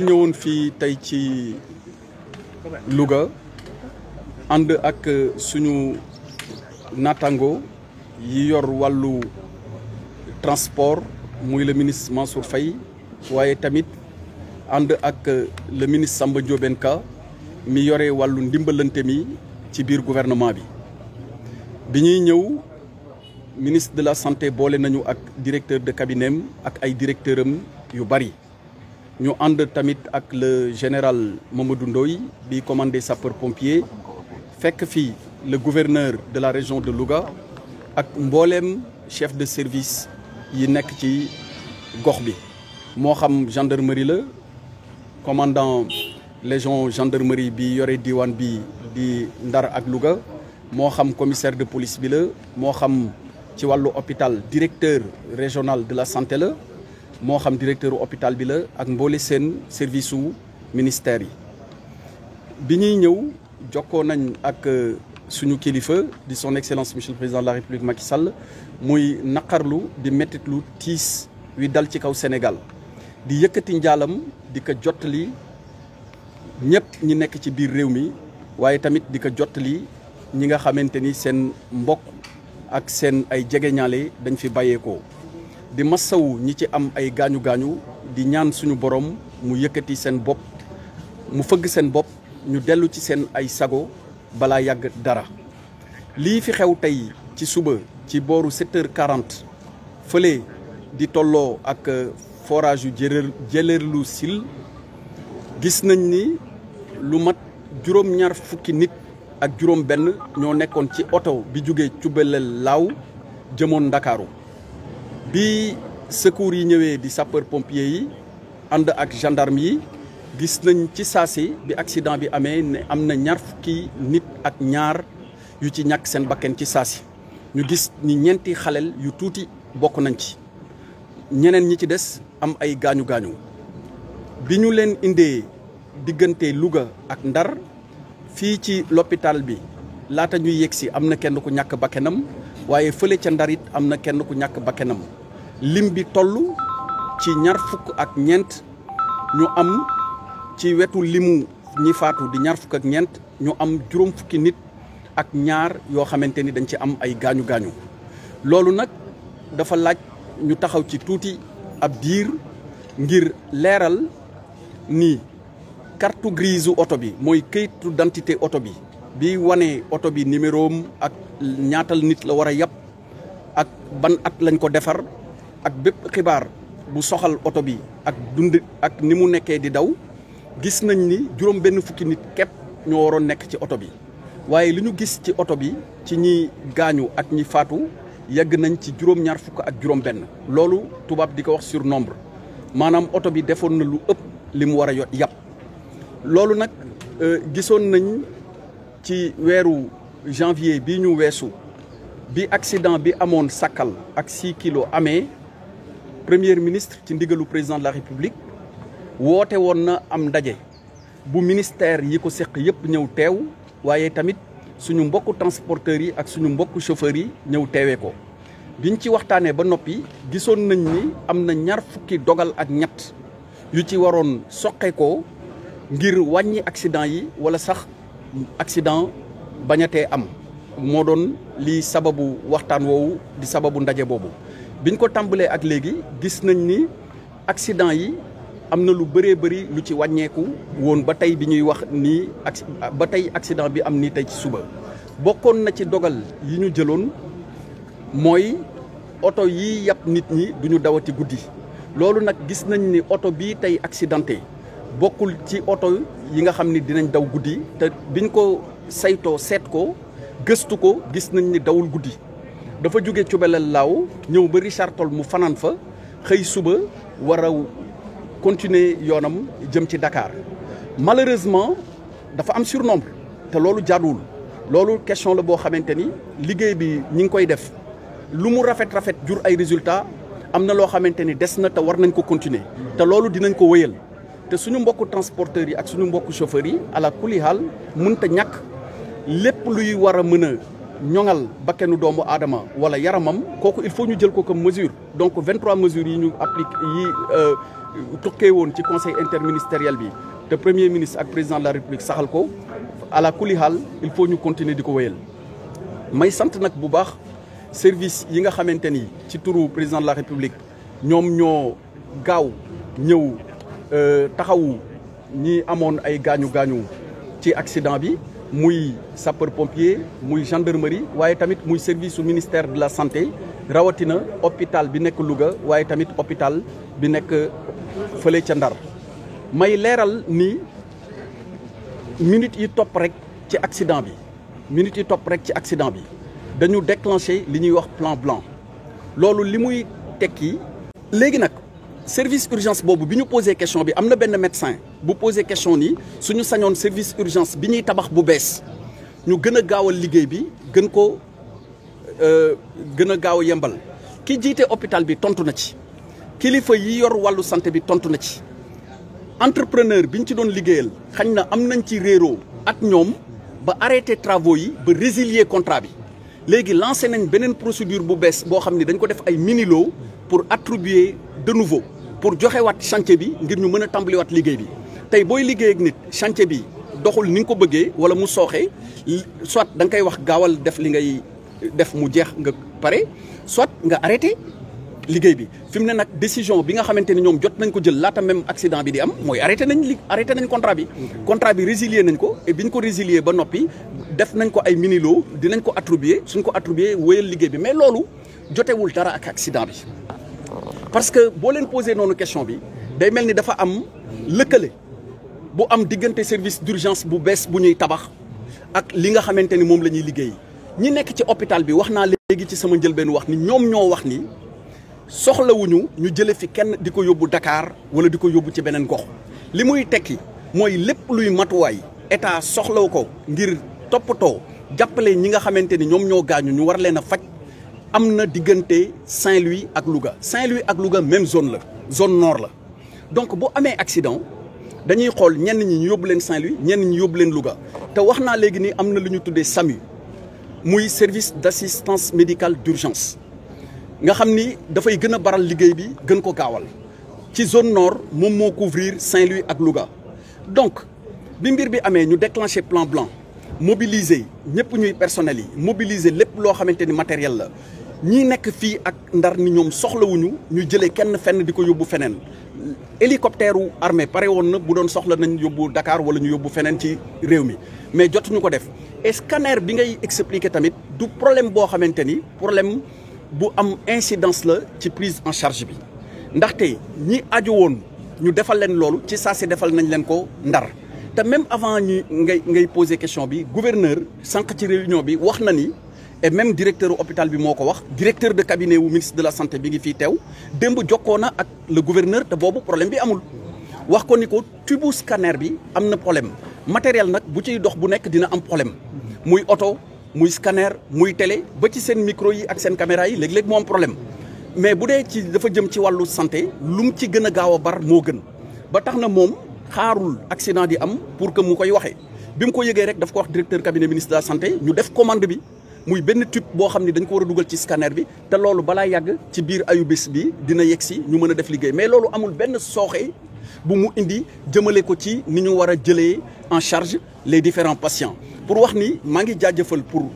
yi ñëwoon fii tey ci Louga ànd ak suñu natango yi yor wàllu transport muy le ministre Mansour Faye waaye tamit ànd ak le ministre Samba Ndiobène mi yore wàllu ndimbalante mi ci biir gouvernement bi bi ñuy ñëw ministre de la santé boole nañu ak directeur de cabinet am ak ay directeur am yu bari ñu ànd tamit ak le général Mamadou Ndoye bi commandé sapeur pompier fekk fii le gouverneur de la région de Louga ak mbooleem chef de service yi nekk ci gox bi moo xam gendarmerie la commandant légion gendarmerie bi yore diwaan bi di Ndar ak Louga moo xam commissaire de police bi la moo xam ci wàllu hôpital directeur régional de la santé la moo xam directeur hôpital bi la ak mboole seen service su ministère yi bi ñuy ñëw jokkoo nañ ak euh, suñu kilifa di son excellence monsieur le président de la république Macky Sall muy naqarlu di mettitlu tiis wi dal ci kaw senegal di yëkkati njaalam di ko jottali ñëpp ñi nekk ci biir réew mi waaye tamit di ko jottali ñi nga xamante ni seen mbokk ak seen ay jegeñaale dañ fi bàyyeekoo. di masawu ñi ci am ay gaañu gaañu di ñaan suñu borom mu yëkkati seen bopp mu fëgg seen bopp ñu dellu ci seen ay sago balaa yàgg dara. lii fi xew tey ci suba ci booru 7 heures 40 fële di tolloo ak euh, forage yu jëlër jëlërlu sil gis nañ ni lu mat juróom-ñaar fukki nit. ak juróom benn ñoo nekkoon ci oto bi jóge Cubbalel laaw jëmoon Ndakaaru bi secours yi ñëwee di sapeur pompier yi ànd ak gendarme yi gis nañ ci saasi bi accident bi amee ne am na ñaar fukki nit ak ñaar yu ci ñàkk seen bakken ci saasi ñu gis ni ñeenti xaleel yu tuuti bokk nañ ci ñeneen ñi ci des am ay gaañu gaañu bi ñu leen indee diggante Louga ak Ndar fii ci l'hôpital bi laata ñuy yegsi am na kenn ku ñàkk bakkenam waaye fële ca ndarit am na kenn ku ñàkk bakkenam lim bi tollu ci ñaar fukk ak ñeent ñu am ci wetu limu ñi faatu di ñaar fukk ak ñeent ñu am juróom fukki nit ak ñaar yoo xamante ni dañ ci am ay gaañu gaañu loolu nag dafa laaj ñu taxaw ci tuuti ab diir ngir leeral ni carte grise oto bi mooy këyitu d'identité oto bi bi wane oto bi numéroom ak ñaatal nit la war a yàpp ak ban at lañ ko defar ak bépp xibaar bu soxal oto bi ak dund ak ni mu nekkee di daw gis nañ ni juróom benn fukki nit képp ñoo waroon nekk ci oto bi waaye li ñu gis ci oto bi ci ñi gaañu ak ñi faatu yegg nañ ci juróom ñaar fukk ak juróom benn loolu tubaab di ko wax sur nombre maanaam oto bi defoon na lu ëpp li mu war a yot yàpp loolu nag euh, gisoon nañ ci weeru janvier bi ñu weesu bi accident bi amoon Sakal ak 6 kilo amee premier ministre ci ndigalu président de la république woote woon na am ndaje bu ministère yi ko seq yëpp ñëw teew waaye tamit suñu mbokku transporteurs yi ak suñu mbokku chauffeurs yi ñëw teewee ko biñ ci waxtaanee ba noppi gisoon nañ ni am na ñaar fukki dogal ak ñett yu ci waroon soqe ko ngir wàññi accident yi wala sax accident bañatee am moo doon li sababu waxtaan woowu di sababu ndaje boobu biñ ko tàmbalee ak léegi gis nañ ni accident yi am na lu bëree bëri lu ci wàññeeku woon ba tey bi ñuy wax nii ba tey accident bi am nii tey ci suba bokkoon na ci dogal yi ñu jëloon mooy oto yi yàpp nit ñi duñu dawati guddi loolu nag gis nañ ni oto bii tey accidenté bokkul ci oto yi nga xam ni dinañ daw guddi te biñ ko saytoo seet ko gëstu ko gis nañ ni dawul guddi dafa jóge Cubelel Laaw ñëw ba Richard Toll mu fanaan fa xëy suba war a continuer yoonam jëm ci dakaar malheureusement dafa am surnombre te loolu jaaduwul loolu question la boo xamante ni liggéey bi ñi ngi koy def lu mu rafet rafet jur ay résultats am na loo xamante ni des na te war nañ ko continuer te loolu dinañ ko wéyal te suñu mbokku transporteurs yi ak suñu mbokku chauffeurs yi ala kulli haal mënta ñàkk lépp luy war a mën a ñoŋal bakkanu doomu aadama wala yaramam kooku il faut ñu jël ko comme mesure donc 23 mesures yi ñu applique yi euh, tukkee woon ci conseil interministériel bi te premier ministre ak président de la république saxal ko ala kulli haal il faut ñu continuer di ko wéyal. may sant nag bu baax service yi nga xamante ni ci turu président de la république ñoom ñoo gaaw ñëw euh, taxawu ñi amoon ay gaañu gaañu ci accident bi. muy sapeur pompier muy gendarmerie waaye tamit muy service su ministère de la santé rawatina hôpital bi nekk Louga waaye tamit hôpital bi nekk fële ca Ndar may leeral ni minutes yi topp rek ci accident bi minutes yi topp rek ci accident bi dañu déclencé li ñuy wax plan blanc loolu li muy tekki léegi nag. service urgence boobu bi ñu posé question bi am na benn médecin bu posé question nii suñu sañoon service urgence bi ñuy tabax bu bees ñu gën a gaawal liggéey bi gën ko euh, gën a gaaw a yembal ki jiite hôpital bi tontu na ci kilifa yi yor wàllu santé bi tontu na ci entrepreneur bi ñu ci doon liggéeyal xañ na am nañ ci réeroo ak ñoom ba arrêté travaux yi ba résilier contrat bi léegi lancé nañ beneen procédure bu bees boo xam ne dañ ko def ay minilo pour attribuer de nouveau pour joxewaat chantier bi ngir ñu mën a tàmbaliwaat liggéey bi tey booy liggéey ak nit chantier bi doxul ni nga ko bëggee wala mu sooxee soit da nga koy wax gaawal def li ngay def mu jeex nga pare soit nga arrêté liggéey bi fi mu ne nag décision bi nga xamante ni ñoom jot nañ ko jël laata même accident bi di am mooy arrêté nañ li arrêté nañ contrat bi. contrat bi résilier nañ ko et bi ñu ko résilier ba noppi def nañ ko ay minilo dinañ ko attribuer suñ ko attribuer wéyal liggéey bi mais loolu jotewul dara ak accident bi. parce que boo leen posé noonu question bi day mel ni dafa am lëkkale bu am diggante service d'urgence bu bees bu ñuy tabax ak li nga xamante ni moom la ñuy liggéey ñi nekk ci hôpital bi wax naa léegi ci sama njëlbeen wax ni ñoom ñoo wax ni. soxlawuñu ñu jëlee fi kenn di ko yóbbu dakaar wala di ko yóbbu ci beneen gox li muy tekki mooy lépp luy matuwaay état soxlaw ko ngir toppatoo jàppale ñi nga xamante ni ñoom ñoo gaañu ñu war leen a faj am na diggante Saint-Louis ak Louga Saint-Louis ak Louga même zone la zone nord la donc bu amee accident dañuy xool ñenn ñi ñu yóbbu leen Saint-Louis ñenn ñi yóbbu leen Louga te wax naa léegi ni am na lu ñu tuddee SAMU muy service d' assistance médicale d' nga xam ni dafay gën a baral liggéey bi gën ko gaawal ci zone nord moom moo couvrir Saint-Louis ak Louga donc bi mbir bi amee ñu déclenché plan blan mobiliser ñëpp ñuy personnel yi mobiliser lépp loo xamante ni matériel la ñi nekk fii ak ndar ni ñoom soxlawuñu ñu jëlee kenn fenn di ko yóbbu feneen hélicoptère u armée pare woon na bu doon soxla nañ yóbbu Dakar wala ñu yóbbu feneen ci réew mi mais jotuñu ko def et scanner bi ngay expliquer tamit du problème boo xamante ni problème bu am incidence la ci prise en charge bi ndaxte ñi aju woon ñu defal leen loolu ci saa si defal nañ leen ko ndar te même avant ñi ngay ngay poser question bi gouverneur sànq ci réunion bi wax na ni et même directeur hôpital bi moo ko wax directeur de cabinet wu ministre de la santé bi ngi fii teew démb jokkoo na ak le gouverneur te boobu problème bi amul wax ko ni ko tubu scanner bi am na problème matériel nag bu ciy dox bu nekk dina am problème muy oto muy scanner muy tele ba ci seen micro yi ak seen caméra yi léeg-léeg moom am problème mais bu dee ci dafa jëm ci wàllu santé lu mu ci gën a gaaw a bar moo gën ba tax na moom xaarul accident di am pour que mu koy waxee bi mu ko yëgee rek daf ko wax directeur cabinet ministre de santé ñu def commande bi muy benn tube boo xam ni dañ ko war a dugal ci scanner bi te loolu balaa yàgg ci biir ayubés bi dina yegg si ñu mën a def liggéey mais loolu amul benn sooxe bu mu indi jëmale ko ci ni ñu war a jëlee en charge les différents patients pour wax ni maa ngi jaajëfal pour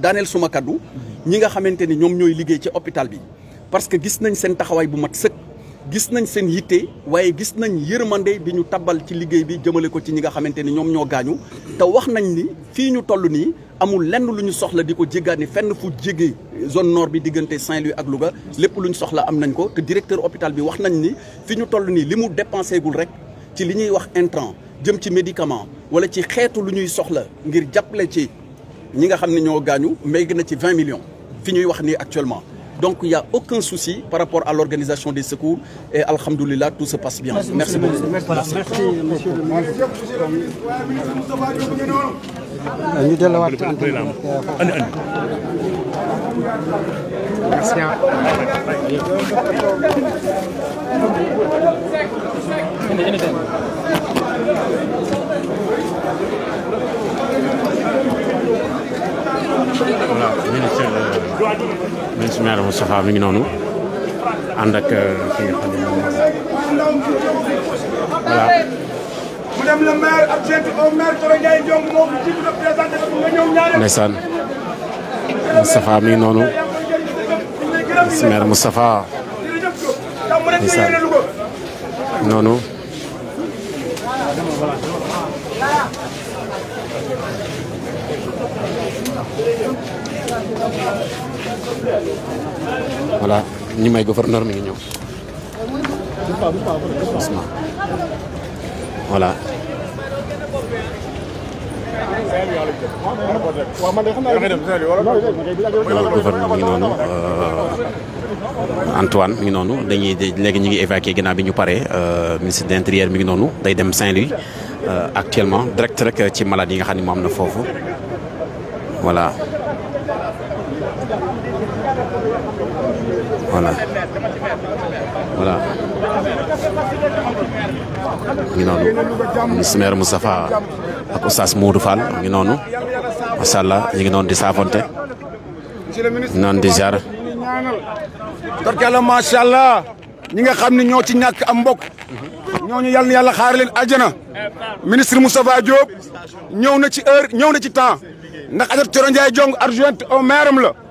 daaneel suma kaddu ñi nga xamante ni ñoom ñooy liggéey ci hôpital bi parce que gis nañ seen taxawaay bu mat sëkk gis nañ seen yitte waaye gis nañ yërmande bi ñu tabal ci liggéey bi jëmale ko ci ñi nga xamante ni ñoom ñoo gaañu te wax nañ ni fii ñu toll nii amul lenn lu ñu soxla di ko ni fenn fu jéggi zone nord bi diggante Saint-Louis ak Louga lépp lu ñu soxla am nañ ko te directeur hôpital bi wax nañ ni fi ñu toll nii li mu dépensé gul rek ci li ñuy wax intrant jëm ci médicament wala ci xeetu lu ñuy soxla ngir jàppale ci ñi nga xam ni ñoo gaañu méy na ci vingt millions fi ñuy wax nii actuellement donc il y a par rapport à l'organisation des secours et alhamdoulilah tout se passe bien merci beaucoup ñu delluwaat merci beaucoup voilà ministre ministre maire Moustapha mi ngi noonu ànd ak euh, ki nga ne moom voilà. madame le maire adjointe au maire mi noonu. voilà ñu may gouverneur mi ngi ñëw. voilà. gouverneur mu ngi noonu Antoine mi ngi noonu dañuy léegi ñu ngi évacué ginnaaw bi ñu pare euh, ministre de l'intérieur mi ngi noonu day dem Saint-Louis euh, actuellement direct rek euh, ci malade yi nga xam ne moo am na foofu voilà voilà voilà ngi noonu ministre maire Moustapha ak oustaz Modou Fall ngi noonu macha allah ñu ngi noonu di saafonte ñu noonu di ziar. barkeel macha allah ñi nga xam ne ñoo ci ñàkk am mbokk ñooñu yal na yàlla xaar leen àjjana ministre Moustapha Diop ñëw na ci heure ñëw na ci temps ndax Adja Thioro Ndiaye Diong adjointe au maire am la.